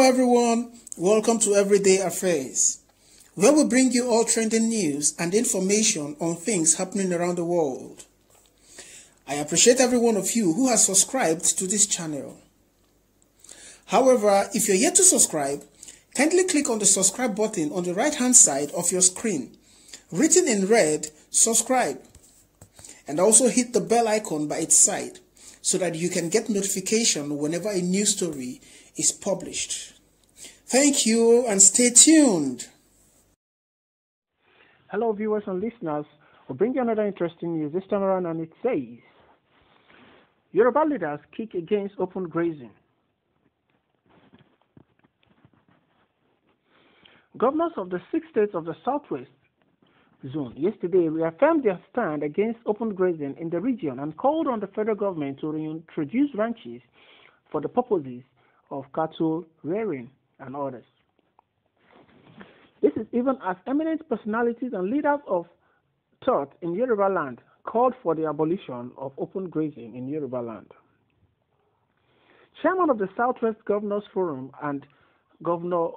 Hello, everyone. Welcome to Everyday Affairs, where we bring you all trending news and information on things happening around the world. I appreciate every one of you who has subscribed to this channel. However, if you're yet to subscribe, kindly click on the subscribe button on the right hand side of your screen, written in red, subscribe, and also hit the bell icon by its side so that you can get notification whenever a new story is published. Thank you and stay tuned. Hello, viewers and listeners. We'll bring you another interesting news this time around, and it says Yoruba leaders kick against open grazing. Governors of the six states of the Southwest Zone yesterday reaffirmed their stand against open grazing in the region and called on the federal government to reintroduce ranches for the purposes of cattle rearing and others. This is even as eminent personalities and leaders of thought in Yoruba land called for the abolition of open grazing in Yoruba land. Chairman of the Southwest Governors Forum and Governor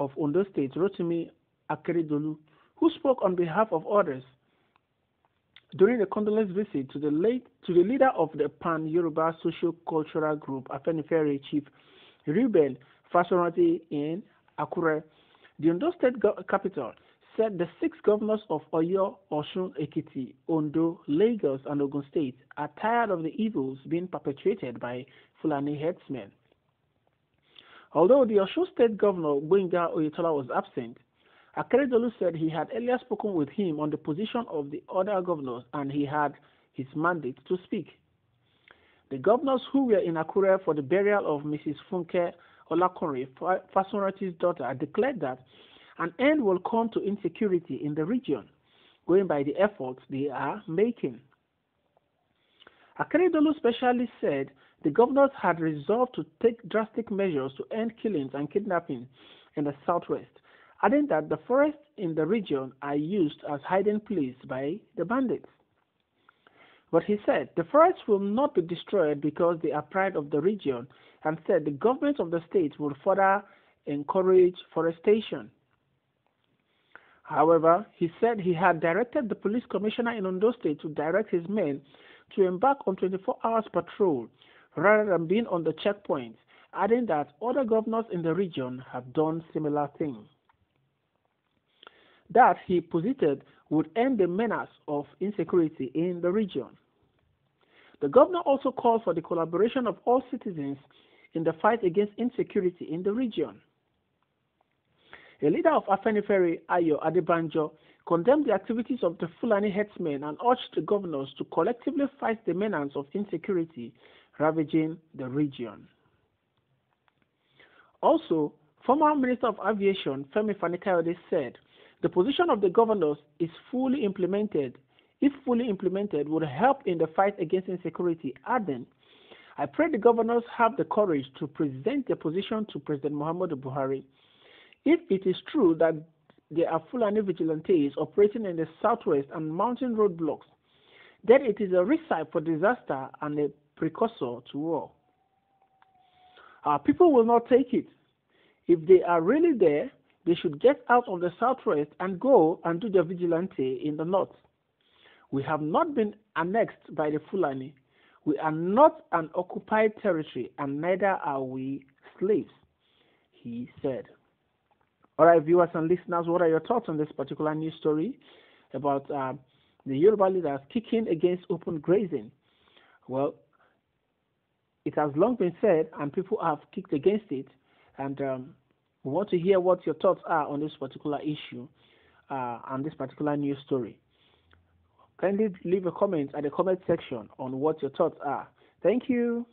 of Ondo State, Rotimi Akeredolu, who spoke on behalf of others during the condolence visit to the, late, to the leader of the Pan Yoruba Social Cultural Group, Afenifere Chief Ruben Facility in Akure. The Ondo State capital said the six governors of Oyo, Osun, Ekiti, Ondo, Lagos, and Ogun State are tired of the evils being perpetrated by Fulani headsmen. Although the Osun State Governor Gbenga Oyetola was absent, Akeredolu said he had earlier spoken with him on the position of the other governors and he had his mandate to speak. The governors who were in Akure for the burial of Mrs. Funke Olakore, Fasunranti's daughter, declared that an end will come to insecurity in the region, going by the efforts they are making. Akeredolu specially said the governors had resolved to take drastic measures to end killings and kidnapping in the southwest, adding that the forests in the region are used as hiding places by the bandits. But he said the forests will not be destroyed because they are pride of the region, and said the government of the state will further encourage forestation. However, he said he had directed the police commissioner in Ondo State to direct his men to embark on 24 hours patrol rather than being on the checkpoints, adding that other governors in the region have done similar things. That, he posited, would end the menace of insecurity in the region. The governor also called for the collaboration of all citizens in the fight against insecurity in the region. A leader of Afenifere, Ayo Adebanjo, condemned the activities of the Fulani headsmen and urged the governors to collectively fight the menace of insecurity ravaging the region. Also, former Minister of Aviation Femi Fanikayode said the position of the governors is fully implemented if fully implemented, would help in the fight against insecurity, adding, I pray the governors have the courage to present their position to President Muhammad Buhari. If it is true that there are Fulani vigilantes operating in the southwest and mountain roadblocks, then it is a recipe for disaster and a precursor to war. Our people will not take it. If they are really there, they should get out of the southwest and go and do their vigilante in the north. We have not been annexed by the Fulani. We are not an occupied territory, and neither are we slaves, he said. All right, viewers and listeners, what are your thoughts on this particular news story about uh, the Yoruba leaders kicking against open grazing? Well, it has long been said, and people have kicked against it, and um, we want to hear what your thoughts are on this particular issue uh, and this particular news story. Kindly leave a comment at the comment section on what your thoughts are. Thank you.